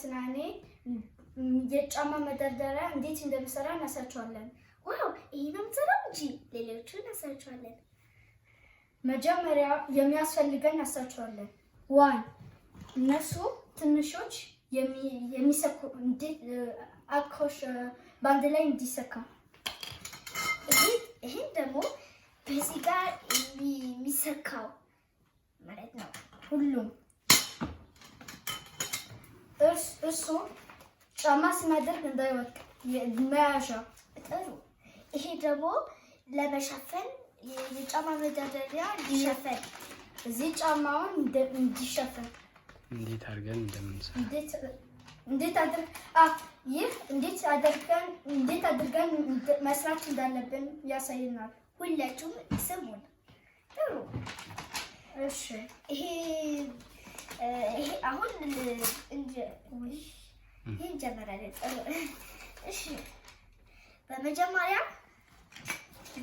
ትናኔ የጫማ መደርደሪያ እንዴት እንደምሰራ እናሳቸዋለን። ዋው ይህ ነው የምትሰራው እንጂ ሌሎቹ እናሳቸዋለን። መጀመሪያ የሚያስፈልገን እናሳቸዋለን። ዋን እነሱ ትንሾች የሚሰኩ አኮሽ በአንድ ላይ እንዲሰካ ይህም ደግሞ በዚህ ጋር የሚሰካው ማለት ነው ሁሉም እሱም ጫማ ስናደርግ እንዳይወቅ መያዣ ጥሩ። ይሄ ደግሞ ለመሸፈን የጫማ መደርደሪያ እንዲሸፈን እዚህ ጫማውን እንዲሸፈን እንዴት አድርገን እንደምንሰራ እንዴት ይህ እንዴት አድርገን እንዴት አድርገን መስራት እንዳለብን ያሳየናል። ሁላችሁም ስሙን ጥሩ። እሺ ይሄ አሁን ይህን ጀመራለን። እሺ በመጀመሪያ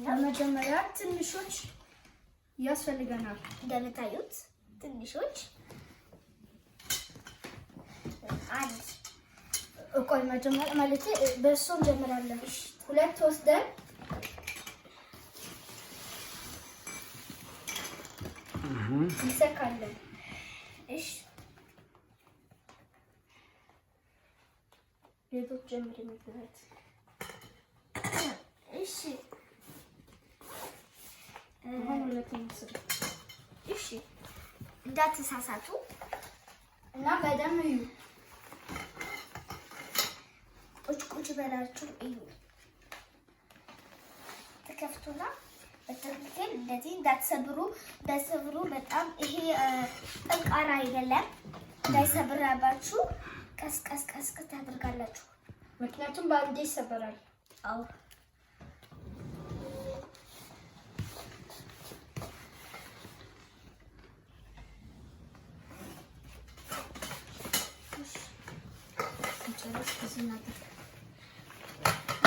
በመጀመሪያ ትንሾች ያስፈልገናል። እንደምታዩት ትንሾች አንድ እቆይ መጀመር ማለት በእሱ እንጀምራለን። ሁለት ወስደን እንሰካለን። እሺ ሌሎች ጨምር የሚገባት እሺ። እሺ፣ እንዳትሳሳቱ እና በደንብ እዩ። ቁጭ ቁጭ በላችሁ እዩ። ተከፍቱና በትክክል እንደዚህ እንዳትሰብሩ፣ እንዳትሰብሩ በጣም ይሄ ጠንካራ አይደለም እንዳይሰብራባችሁ ቀስ ቀስ ቀስ ቀስ ታደርጋላችሁ። ምክንያቱም በአንዴ ይሰበራል። አዎ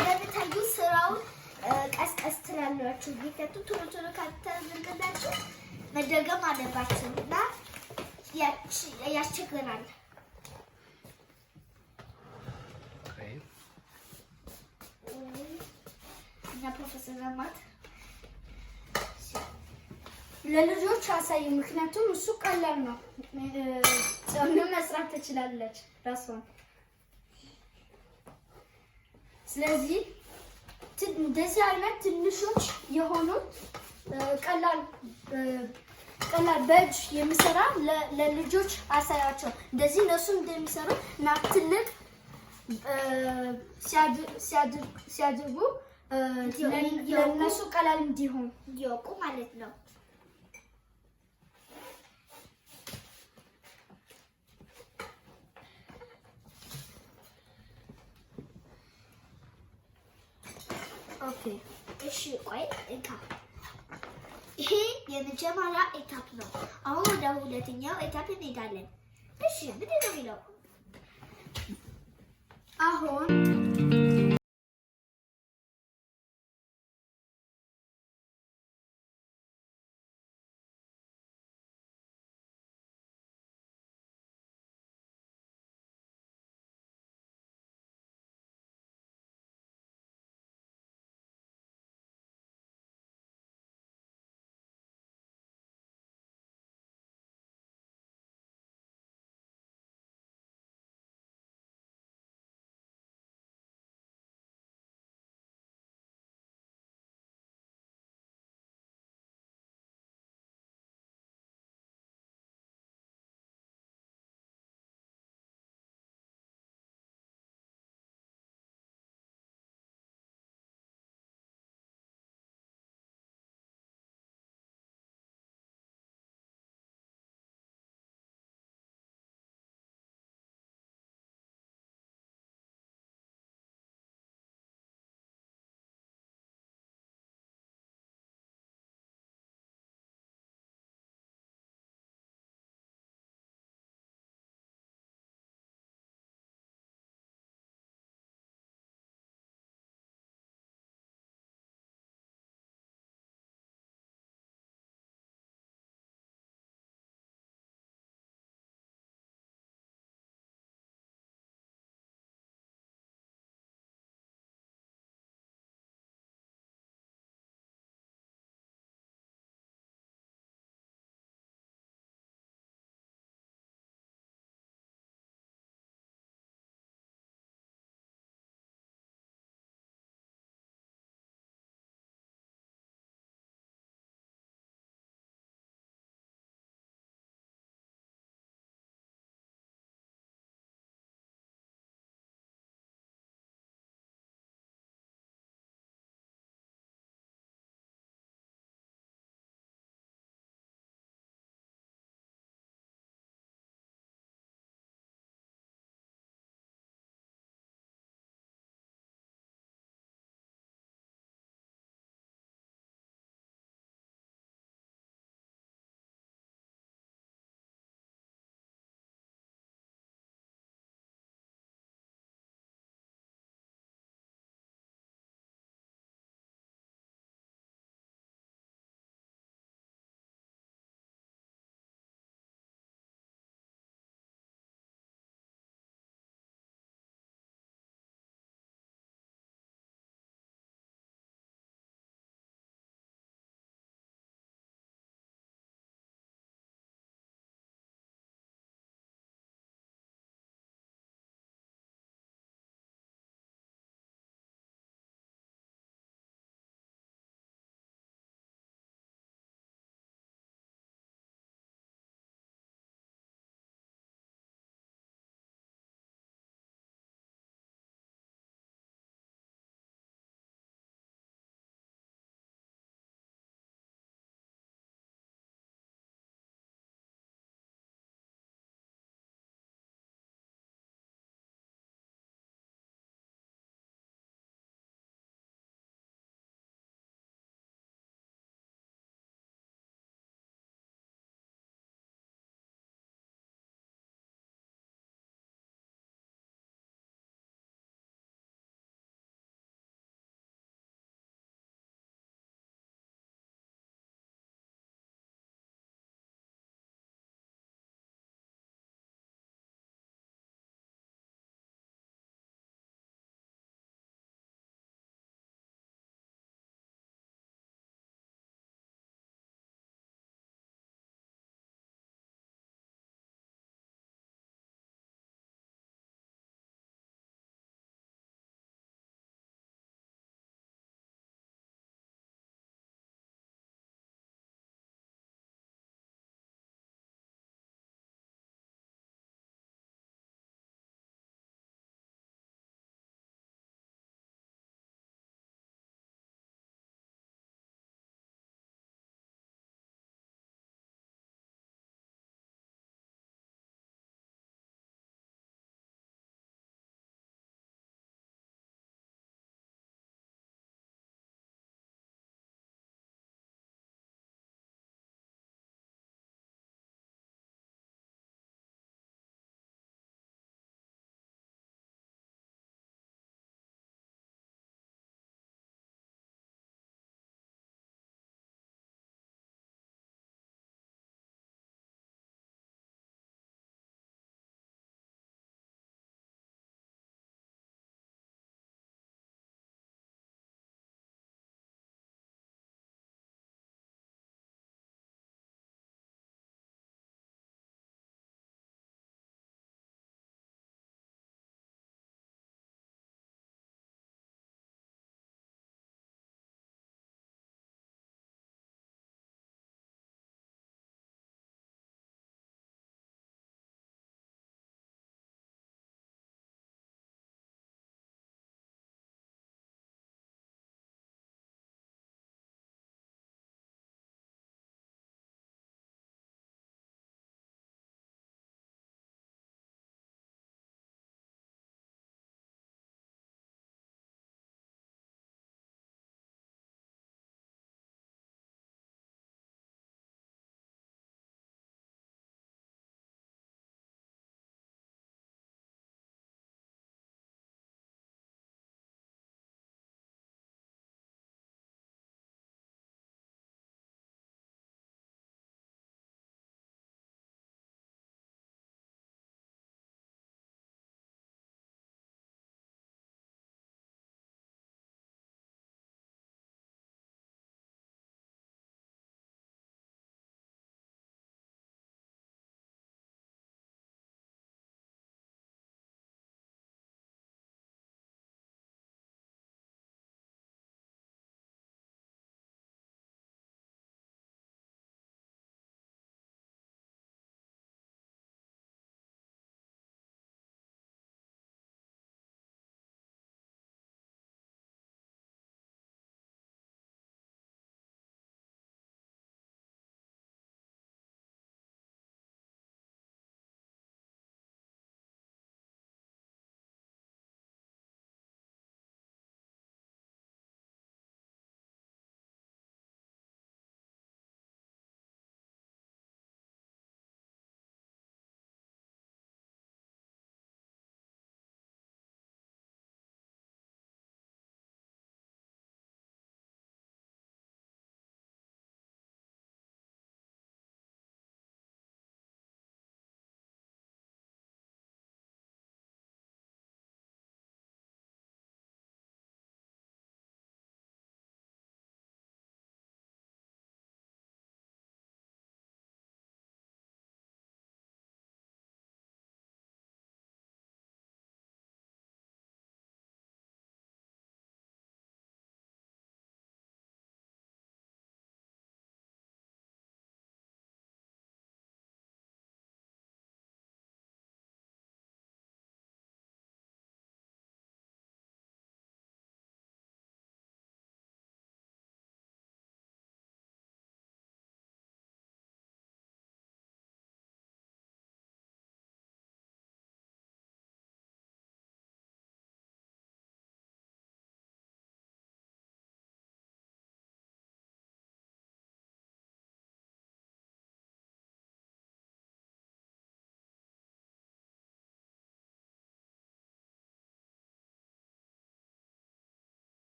እንደምታዩ ስራውን ቀስ ትላላችሁ። ቢከቱ ቶሎ ቶሎ ካታዘገላችሁ መደገም አለባችሁ እና ያስቸግራል። አራተኛ ፕሮፌሰር ልማት ለልጆች አሳይ፣ ምክንያቱም እሱ ቀላል ነው። ጽሁንም መስራት ትችላለች ራሷን። ስለዚህ እንደዚህ አይነት ትንሾች የሆኑ ቀላል ቀላል በእጅ የሚሰራ ለልጆች አሳያቸው። እንደዚህ እነሱ እንደሚሰሩ እና ትልቅ ሲያድጉ ለእነሱ ቀላል እንዲሆን እንዲያውቁ ማለት ነው። እሺ ቆይ ኤታፕ ይሄ የመጀመሪያ ኤታፕ ነው። አሁን ወደ ሁለተኛው ኤታፕ እንሄዳለን። እሺ ምንድን ነው የሚለው አሁን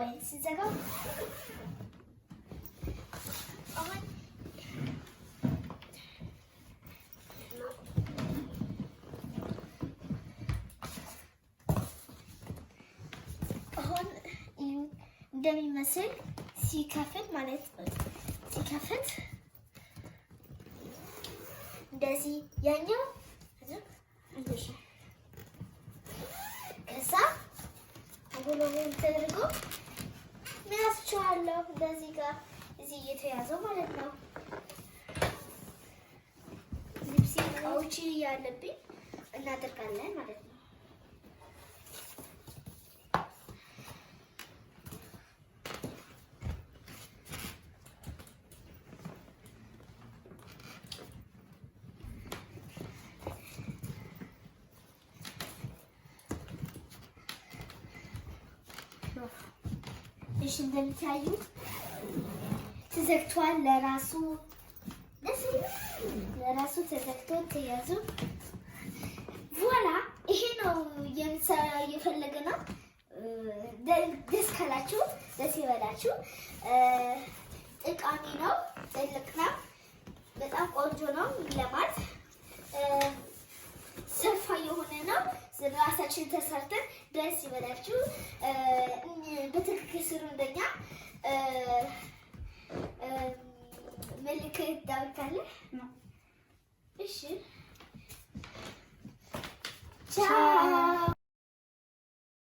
ቆይ ሲዘጋው አሁን እንደሚመስል ሲከፍት ማለት ሲከፍት እንደዚህ ያኛው ከዛ ያስችዋለሁ እንደዚህ ጋር እዚህ እየተያዘው ማለት ነው። ልብስ እቃዎች ያለብኝ እናደርጋለን ማለት ነው። እንደምታዩ ተዘግቷል። ለራሱ ለራሱ ተዘግቶ ተያዙ። ቮላ ይሄ ነው የምሰራ እየፈለገ ነው። ደስ ካላችሁ ደስ ይበላችሁ። ጠቃሚ ነው። ጥልቅ ነው። በጣም ቆንጆ ነው። ለማት ሰፋ የሆነ ነው። ራሳችን ተሰርተን ደስ ይበላችሁ። በትክክል ስሩ እንደኛ መልክት ዳብታለህ። እሺ ቻው